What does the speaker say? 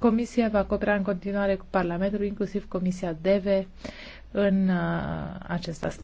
Comisia va coopera în continuare cu Parlamentul, inclusiv Comisia DEVE, în uh, acest aspect.